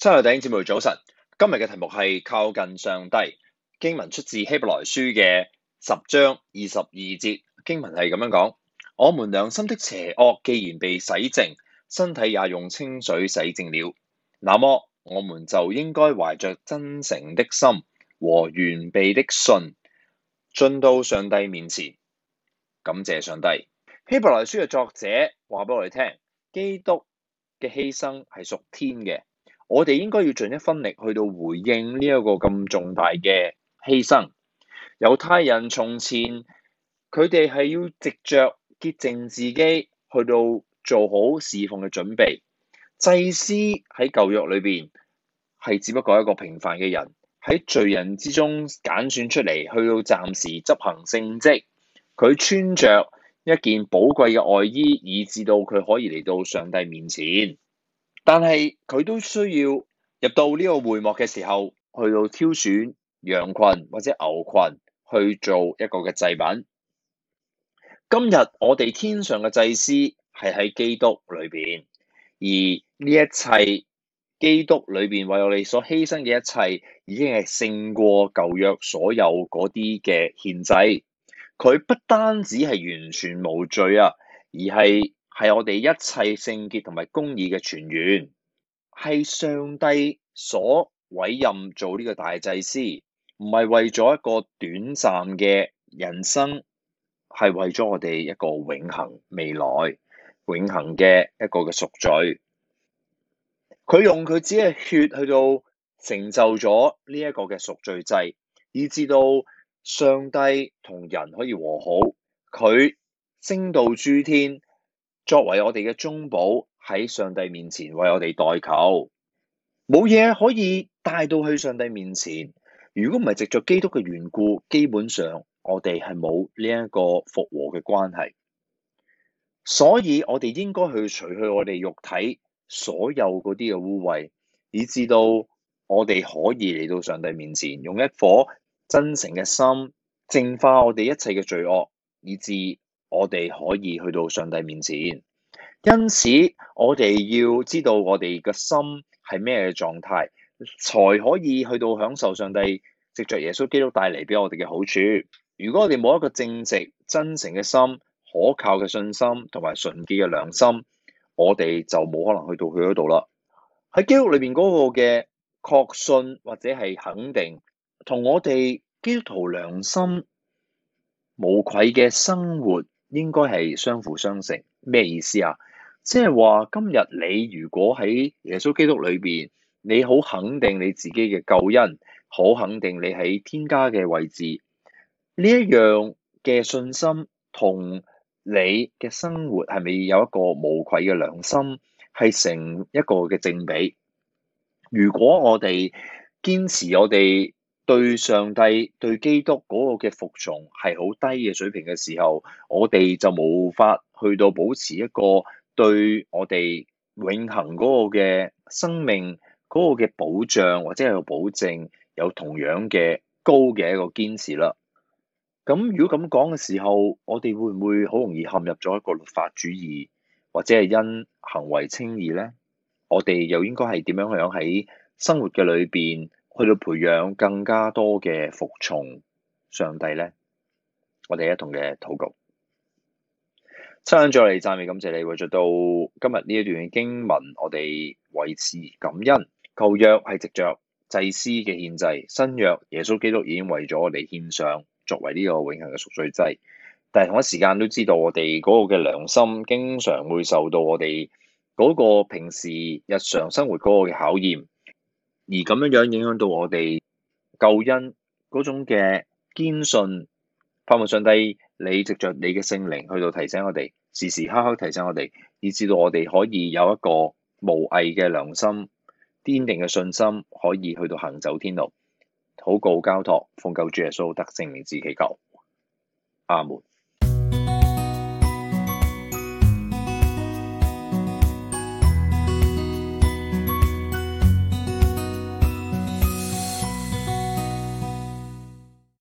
七友電節目早晨，今日嘅題目係靠近上帝。經文出自希伯來書嘅十章二十二節，經文係咁樣講：我們良心的邪惡既然被洗淨，身體也用清水洗淨了，那麼我們就應該懷着真誠的心和完備的信，進到上帝面前，感謝上帝。希伯來書嘅作者話俾我哋聽，基督嘅犧牲係屬天嘅。我哋應該要盡一分力去到回應呢一個咁重大嘅犧牲。猶太人從前佢哋係要藉着潔淨自己，去到做好侍奉嘅準備。祭司喺舊約裏邊係只不過一個平凡嘅人，喺罪人之中揀選出嚟，去到暫時執行聖職。佢穿着一件寶貴嘅外衣，以致到佢可以嚟到上帝面前。但係佢都需要入到呢個會幕嘅時候，去到挑選羊群或者牛群去做一個嘅祭品。今日我哋天上嘅祭司係喺基督裏邊，而呢一切基督裏邊為我哋所犧牲嘅一切，已經係勝過舊約所有嗰啲嘅獻祭。佢不單止係完全無罪啊，而係。係我哋一切聖潔同埋公義嘅泉源，係上帝所委任做呢個大祭司。唔係為咗一個短暫嘅人生，係為咗我哋一個永恒未來、永恒嘅一個嘅贖罪。佢用佢自己嘅血去到成就咗呢一個嘅贖罪祭，以至到上帝同人可以和好。佢升到諸天。作為我哋嘅中保，喺上帝面前為我哋代求，冇嘢可以帶到去上帝面前。如果唔係藉着基督嘅緣故，基本上我哋係冇呢一個復和嘅關係。所以我哋應該去除去我哋肉體所有嗰啲嘅污穢，以至到我哋可以嚟到上帝面前，用一顆真誠嘅心淨化我哋一切嘅罪惡，以至我哋可以去到上帝面前。因此，我哋要知道我哋嘅心係咩狀態，才可以去到享受上帝藉着耶穌基督帶嚟俾我哋嘅好處。如果我哋冇一個正直、真誠嘅心、可靠嘅信心同埋純潔嘅良心，我哋就冇可能去到佢嗰度啦。喺基督裏邊嗰個嘅確信或者係肯定，同我哋基督徒良心無愧嘅生活，應該係相輔相成。咩意思啊？即係話今日你如果喺耶穌基督裏邊，你好肯定你自己嘅救恩，好肯定你喺天家嘅位置，呢一樣嘅信心同你嘅生活係咪有一個無愧嘅良心，係成一個嘅正比。如果我哋堅持我哋對上帝，對基督嗰個嘅服從係好低嘅水平嘅時候，我哋就無法去到保持一個。對我哋永恆嗰個嘅生命嗰、嗰個嘅保障或者係個保證有同樣嘅高嘅一個堅持啦。咁如果咁講嘅時候，我哋會唔會好容易陷入咗一個律法主義或者係因行為稱義咧？我哋又應該係點樣樣喺生活嘅裏邊去到培養更加多嘅服從上帝咧？我哋一同嘅禱告。生咗你讚美感謝你，活着到今日呢一段經文，我哋維持感恩。舊約係藉着祭司嘅獻祭，新約耶穌基督已經為咗我哋獻上，作為呢個永恆嘅贖罪祭。但係同一時間都知道，我哋嗰個嘅良心經常會受到我哋嗰個平時日常生活嗰個嘅考驗，而咁樣樣影響到我哋救恩嗰種嘅堅信。父愛上帝，你藉着你嘅聖靈去到提醒我哋，時時刻刻提醒我哋，以致到我哋可以有一個無畏嘅良心、堅定嘅信心，可以去到行走天路。禱告交託，奉救主耶穌得勝名字祈求。阿門。